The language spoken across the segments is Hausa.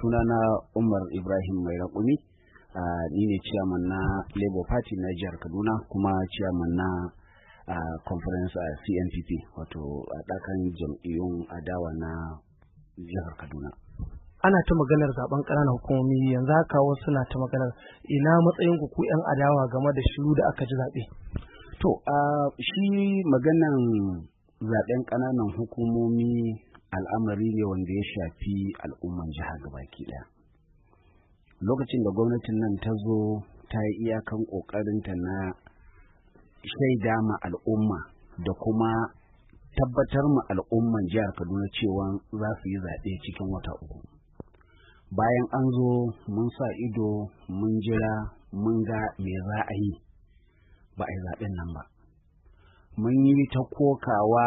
suna na Umar Ibrahim Mai Raƙumi a ah, ne ciyaman na Labour Party na jihar Kaduna kuma ciyaman na ah, conference a CNPP wato a ɗakan jam'iyyun adawa na jihar Kaduna. Ana ta maganar zaben ƙananan hukumomi yanzu haka wasu na ta maganar ina matsayin ku 'yan adawa game da shiru da aka ji zaɓe. To ah, shi maganan zaɓen ƙananan hukumomi al'amari ne wanda ya shafi al'umman jiha gabaki ɗaya lokacin da gwamnatin nan ta zo ta yi iyakan ta na shaida ma al'umma da kuma tabbatar ma al'umman jihar kaduna cewa za su yi zaɓe cikin wata uku bayan an zo mun sa ido mun jira mun ga me za a yi ba a yi zaɓen nan ba mun yi ta kokawa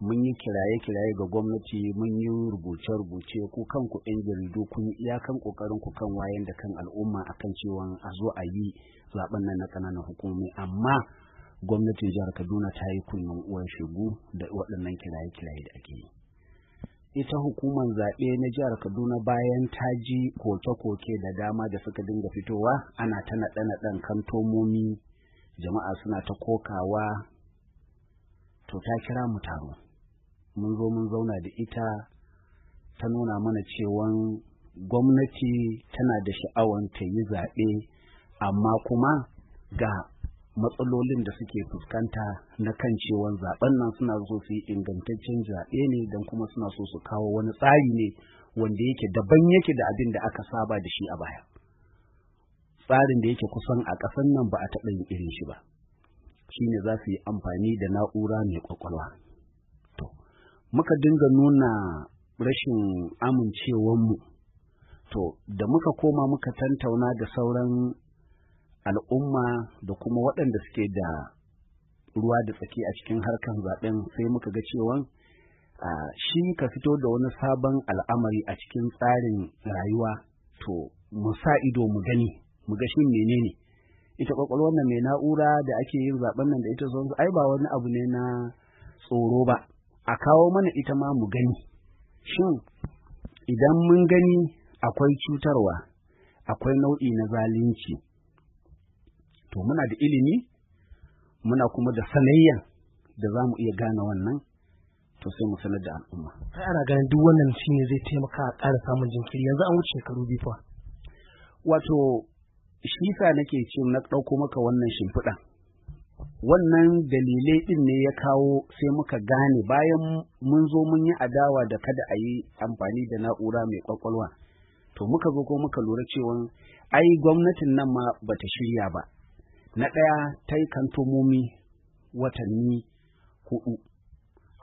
mun yi kiraye-kiraye ga gwamnati mun yi rubuce-rubuce ku kanku 'yan jaridu kun yi iyakan kokarin ku kan wayan da kan al'umma akan cewa a zo a yi zaɓen nan na ƙananan hukumi amma gwamnatin jihar kaduna ta yi kunnen uwan shigu da waɗannan kiraye-kiraye da ake yi ita hukumar zaɓe na jihar kaduna bayan ta ji koke-koke da dama da suka dinga fitowa ana ta naɗe-naɗen kantomomi jama'a suna ta kokawa to ta kira mu taro mun zo mun zauna da ita ta nuna mana cewan gwamnati tana da sha'awan ta yi zaɓe amma kuma ga matsalolin da suke fuskanta na kan cewan zaben nan suna so su yi ingantaccen zaɓe ne don kuma suna so su kawo wani tsari ne wanda yake daban yake da abin da aka saba da shi a baya tsarin da yake kusan a ƙasan nan ba a taɓa yin irin shi ba shine za su yi amfani da na'ura mai kwakwalwa. muka dinga nuna rashin amincewanmu to da muka koma muka tantauna da sauran al'umma da kuma waɗanda suke da ruwa da tsaki a cikin harkar zaɓen sai muka ga cewa shi ka fito da wani sabon al'amari a cikin tsarin rayuwa to mu sa ido mu gani mu ga shi menene ita kwakwalwar mai na'ura da ake yin zaben nan da ita zuwa ai ba wani abu ne na tsoro ba a kawo mana ita ma mu gani shin idan mun gani akwai cutarwa akwai nau'i na zalunci to muna da ilimi muna kuma da sanayya da za mu iya gane wannan to sai mu sanar da al'umma sai ana ganin duk wannan shi ne zai taimaka a ƙara samun jinkiri yanzu an wuce shekaru biyu fa wato shi sa nake ce na ɗauko maka wannan shimfiɗan wannan dalilai ɗin ne ya kawo sai muka gane bayan mun zo mun yi adawa da kada a yi amfani da na'ura mai kwakwalwa to muka zo ko muka lura cewa ai gwamnatin nan ma ba ta shirya ba na ɗaya ta yi kantomomi watanni hudu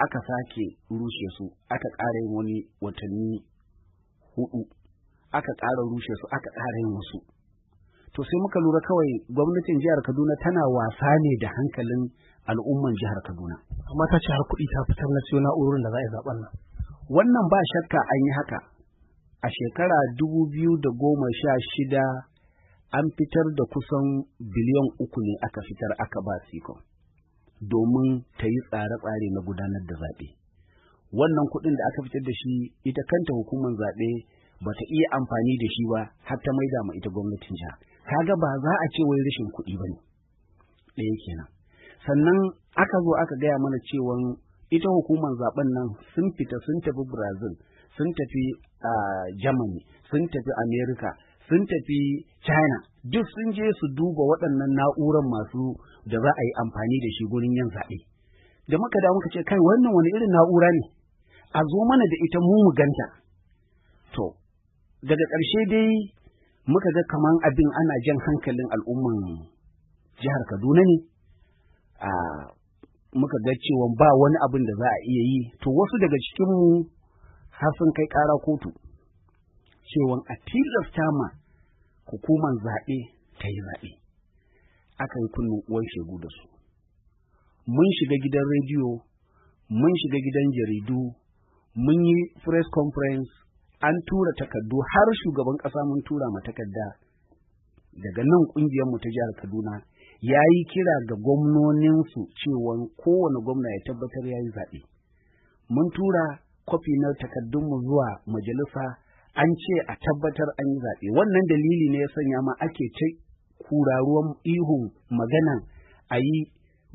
aka sake rushe su aka ƙara yin wani watanni hudu aka ƙara rushe su aka ƙara yin wasu to sai muka lura kawai gwamnatin jihar Kaduna tana wasa ne da hankalin al'umman jihar Kaduna. Amma ta ce har kuɗi ta fitar na siyo na'urorin da za a zaɓen nan. Wannan ba shakka an yi haka. A shekara dubu biyu da goma sha shida an fitar da kusan biliyan uku ne aka fitar aka ba siko domin ta yi tsare-tsare na gudanar da zaɓe. Wannan kuɗin da aka fitar da shi ita kanta hukumar zaɓe ba ta iya amfani da shi ba har ta maida ma ita gwamnatin jihar. kaga ba za a ce wai rashin kuɗi ba ne ɗaya kenan sannan aka zo aka gaya mana cewa ita hukumar zaben nan sun fita sun tafi brazil sun tafi a germany sun tafi america sun tafi china duk sun je su duba waɗannan na'urar masu da za a yi amfani da shi gurin yin zaɓe da muka da muka ce kai wannan wani irin na'ura ne a zo mana da ita mu mu ganta to daga ƙarshe dai muka ga kaman abin ana jan hankalin al'umman jihar Kaduna ne a muka ga cewa ba wani abin da za a iya yi to wasu daga cikin mu har sun kai kara kotu cewa a tilasta ma hukumar zaɓe ta yi zaɓe aka yi kunnu uwan shegu da su mun shiga gidan rediyo mun shiga gidan jaridu mun yi press conference an tura takardu har shugaban ƙasa mun tura ma takarda daga nan mu ta jihar Kaduna ya yi kira ga su cewa kowane gwamna ya tabbatar ya yi zaɓe. Mun tura kwafi na takardun mu zuwa majalisa an ce a tabbatar an yi zaɓe. Wannan dalili ne ya sanya ma ake ce kura ruwan ihun magana a yi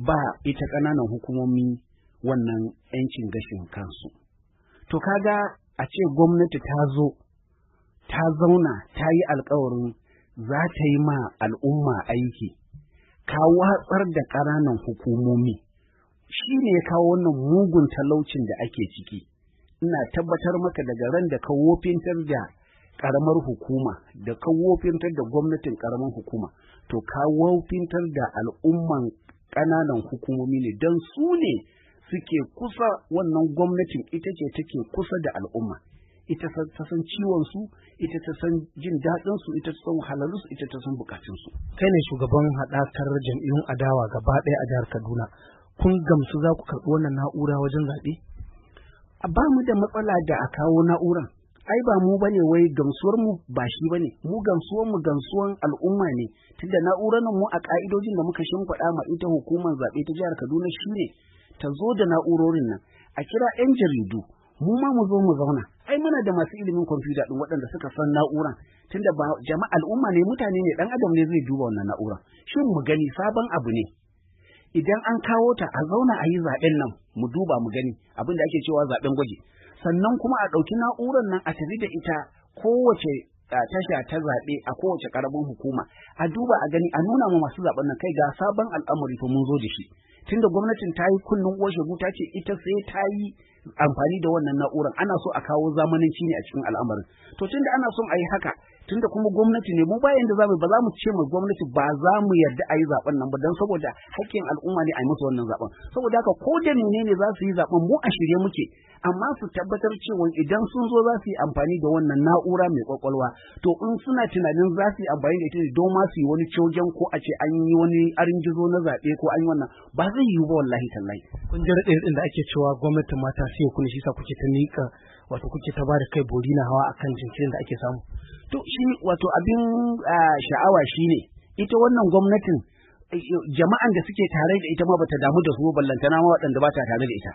ba ita ƙananan hukumomi wannan 'yancin gashin kansu. To kaga a ce gwamnati ta zo ta zauna ta yi alkawarin za ta yi ma al'umma aiki ka watsar da ƙananan hukumomi shi ne ya kawo wannan mugun talaucin da ake ciki ina tabbatar maka daga ran da ka wofintar da ƙaramar hukuma da ka wofintar da gwamnatin ƙaramar hukuma to ka wofintar da al'umman ƙananan hukumomi ne don su ne suke kusa wannan gwamnatin ita ce take kusa da al'umma ita ta san ciwon su ita ta san jin daɗin su ita ta san halalus su ita ta san bukatun su kai ne shugaban haɗakar jam'iyyun adawa gaba ɗaya a jihar Kaduna kun gamsu za ku karɓi wannan na'ura wajen zaɓe ba mu da matsala da a kawo na'uran ai ba mu bane wai gamsuwar mu ba shi bane mu gamsuwar mu gamsuwan al'umma ne tunda na'urar mu a ka'idojin da muka shimfiɗa ma ita hukumar zaɓe ta jihar Kaduna shine ta zo da na'urorin nan a kira 'yan jaridu mu ma mu zo mu zauna ai mana da masu ilimin kwamfuta din waɗanda suka san na'uran tunda ba jama'a al'umma ne mutane ne dan adam ne zai duba wannan na'ura shin mu gani sabon abu ne idan an kawo ta a zauna a yi zaɓen nan mu duba mu gani abin da ake cewa zaɓen gwaji sannan kuma a ɗauki na'uran nan a tafi da ita kowace tasha ta zaɓe a kowace ƙaramin hukuma a duba a gani a nuna ma masu zaɓen nan kai ga sabon al'amari fa mun zo da shi tunda gwamnatin ta yi kullun uwar shegu ta ce ita sai ta yi amfani da wannan na'urar ana so a kawo zamananci ne a cikin al'amarin to tunda ana son a yi haka tunda kuma gwamnati ne mu ba yanda zamu ba za mu ce mu gwamnati ba za mu yarda a yi zaben nan ba don saboda hakkin al'umma ne a yi musu wannan zaben saboda haka ko da ne za su yi zaben mu a shirye muke amma su tabbatar cewa idan sun zo za su yi amfani da wannan na'ura mai kwakwalwa to in suna tunanin za su yi amfani da ita ne don ma su yi wani cogen ko a ce an yi wani arin gizo na zaɓe ko an yi wannan ba zai yiwu ba wallahi tallahi kun ji ɗin da ake cewa gwamnatin mata sai ku ne shi sa kuke ta niƙa. wato kuke ta bada kai bori na hawa akan jinkirin da ake samu to shi wato abin sha'awa shine ita wannan gwamnatin eh, jama'an da suke tare da ita ma bata damu da su ballantana ma waɗanda ba ta tare da ita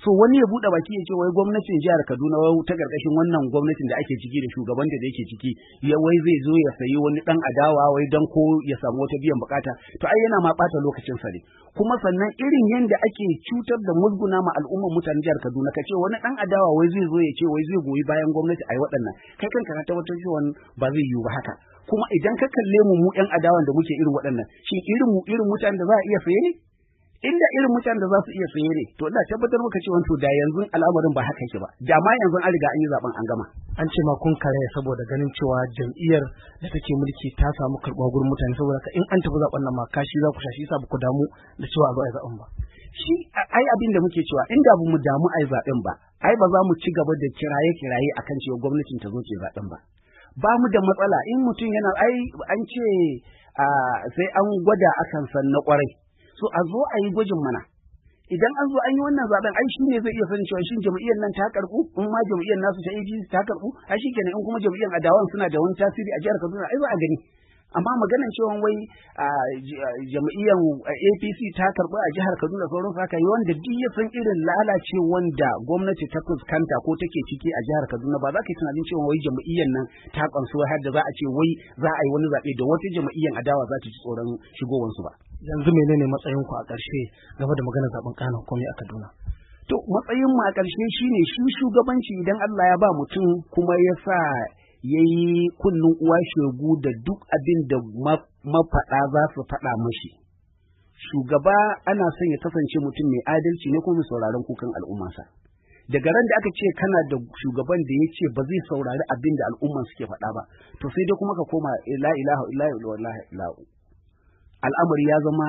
so wani ya buɗe baki ya ce wai gwamnatin jihar Kaduna wai ta karkashin wannan gwamnatin da ake ciki da shugaban da yake ciki ya wai zai zo ya sayi wani dan adawa wai dan ko ya samu wata biyan bukata to ai yana ma bata lokacin sa ne kuma sannan irin yanda ake cutar da musguna ma al'ummar mutanen jihar Kaduna kace wani dan adawa wai zai zo ya ce wai zai goyi bayan gwamnati ai waɗannan kai kanka ka tabbatar cewa ba zai yiwu ba haka kuma idan ka kalle mu mu yan adawan da muke irin waɗannan shi irin irin mutanen da za a iya saye ne inda irin mutanen da za su iya tsaye ne to ina tabbatar maka cewa to da yanzu al'amarin ba haka yake ba da ma yanzu an riga an yi zaben an gama an ce ma kun kare saboda ganin cewa jam'iyyar da take mulki ta samu karɓar gurin mutane saboda ka in an tafi zaben nan ma kashi za ku shashi yasa ba ku damu da cewa ba a zaben ba shi ai abin da muke cewa inda ba mu damu ai zaben ba ai ba za mu ci gaba da kiraye kiraye akan cewa gwamnatin ta zo ce zaben ba ba mu da matsala in mutum yana ai an ce ah, sai an gwada akan san na kwarai so a zo a yi gwajin mana idan an zo an yi wannan zaben ai shi ne zai iya sanin cewa shin jam'iyyar nan ta karbu in ma jam'iyyar nasu ta APC ta karbu ai shi kenan in kuma jam'iyyar adawan suna da wani tasiri a jihar Kaduna ai za a gani amma maganan cewa wai jam'iyyar apc ta karɓi a jihar kaduna sauran haka yi wanda duk ya san irin lalace wanda gwamnati ta fuskanta ko take ciki a jihar kaduna ba za ka yi tunanin cewa wai jam'iyyar nan ta kansu har da za a ce wai za a yi wani zaɓe da wata jam'iyyar adawa za ta ci tsoron shigowansu ba yanzu menene matsayin ku a ƙarshe game da maganar zaɓen ƙanan komai a kaduna to matsayin mu a ƙarshe shine shi shugabanci idan Allah ya ba mutum kuma ya sa Yayi yi uwa shegu da duk abin da mafaɗa za su faɗa mashi. Shugaba ana son ya kasance mutum mai adalci ne kuma sauraron kukan al'ummarsa. Daga ran da aka ce kana da shugaban da ya ce ba zai saurari abin da suke faɗa ba, to sai dai kuma ka koma la ilaha illa Al'amari ya zama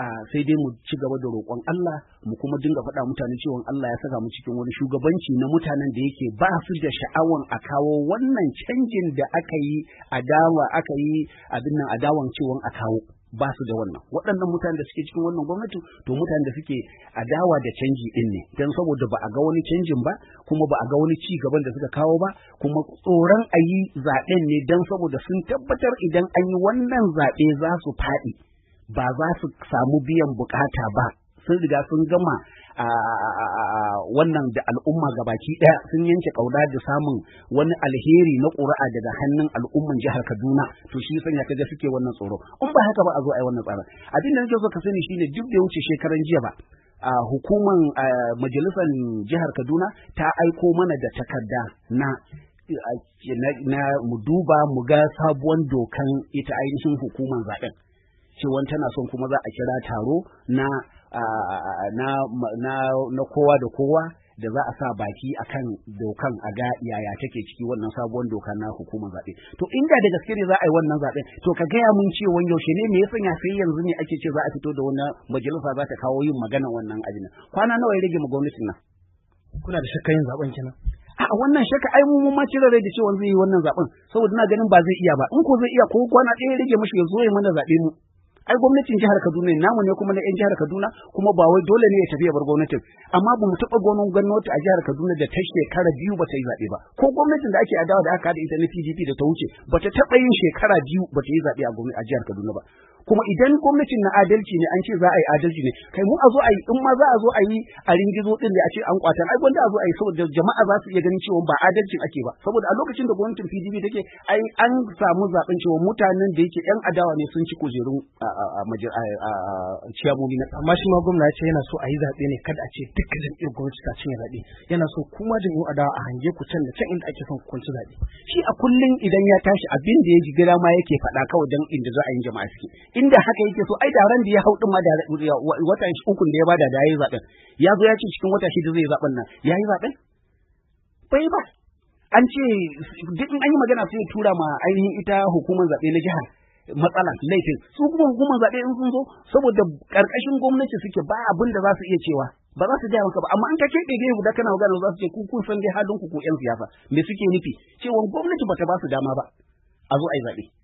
a sai dai mu ci gaba da roƙon Allah mu kuma dinga faɗa mutane cewa Allah ya saka mu cikin wani shugabanci na mutanen da yake ba su da sha'awan a kawo wannan canjin da aka yi a dawa aka yi abin nan dawan cewa a kawo ba su da wannan waɗannan mutanen da suke cikin wannan gwamnati to mutanen da suke adawa da canji din ne don saboda ba a ga wani canjin ba kuma ba a ga wani ci gaban da suka kawo ba kuma tsoron a yi zaɓen ne don saboda sun tabbatar idan an yi wannan zaɓe za su faɗi ba za su samu biyan bukata ba sun riga sun gama a wannan da al'umma gabaki ɗaya sun yanke ƙauna da samun wani alheri na ƙura'a daga hannun al'umman jihar Kaduna to shi sanya kaga suke wannan tsoro in ba haka ba a zo a yi wannan tsarin abin da nake so ka sani shine duk da wuce shekaran jiya ba a hukuman majalisar jihar Kaduna ta aiko mana da takarda na na mu duba mu ga sabuwar dokan ita ainihin hukumar zaɓen. cewan tana son kuma za a kira taro na na kowa da kowa da za a sa baki akan dokan a ga yaya take ciki wannan sabuwar doka na hukumar zaɓe to inda da gaske ne za a yi wannan zaɓe to ka gaya mun cewa yaushe ne me ya sanya sai yanzu ne ake ce za a fito da wannan majalisa za ta kawo yin magana wannan ajina kwana nawa ya rage ma gwamnatin nan kuna da shakka yin zaɓen kenan a wannan shakka ai mu ma cire rai da cewa zai yi wannan zaɓen saboda na ganin ba zai iya ba in ko zai iya ko kwana ɗaya ya rage mashi ya zo ya mana zaɓe mu ai gwamnatin jihar Kaduna namu ne kuma na yan jihar Kaduna kuma ba wai dole ne ya tafi ya bar gwamnatin amma ba mu taba gonon gwamnati a jihar Kaduna da ta shekara biyu ba ta yi zabe ba ko gwamnatin da ake adawa da aka da ita na PDP da ta wuce ba ta taba yin shekara biyu ba ta yi zabe a jihar Kaduna ba kuma idan gwamnatin na adalci ne an ce za a yi adalci ne kai mu a zo a yi in ma za a zo a yi a ringizo din da a ce an kwatan ai wanda a zo a yi saboda jama'a za su iya ganin cewa ba adalcin ake ba saboda a lokacin da gwamnatin PDP take ai an samu zaben cewa mutanen da yake yan adawa ne sun ci kujerun ciyamomi na amma shi ma gwamna ya ce yana so a yi zaɓe ne kada a ce duka jam'iyyar gwamnati ta cinye zaɓe yana so kuma jam'iyyar adawa a hange ku can da can inda ake son ci zaɓe shi a kullum idan ya tashi abin da ya ji gida ma yake faɗa kawai dan inda za a yi jama'a suke inda haka yake so ai da da ya hau din ma da watan ukun da ya bada da yayi zaben ya zo ya ce cikin wata shida zai zaben nan yayi zaben bai ba an ce duk an yi magana sai tura ma ainihin ita hukumar zabe na jihar matsala laifin su kuma hukumar zaɓe in sun zo saboda ƙarƙashin gwamnati suke ba abin da za su iya cewa ba za su gaya maka ba amma an ka keɓe gefe guda kana magana za su ce kun san dai halin ku 'yan siyasa me suke nufi cewa gwamnati bata ba su dama ba a zo a yi zaɓe.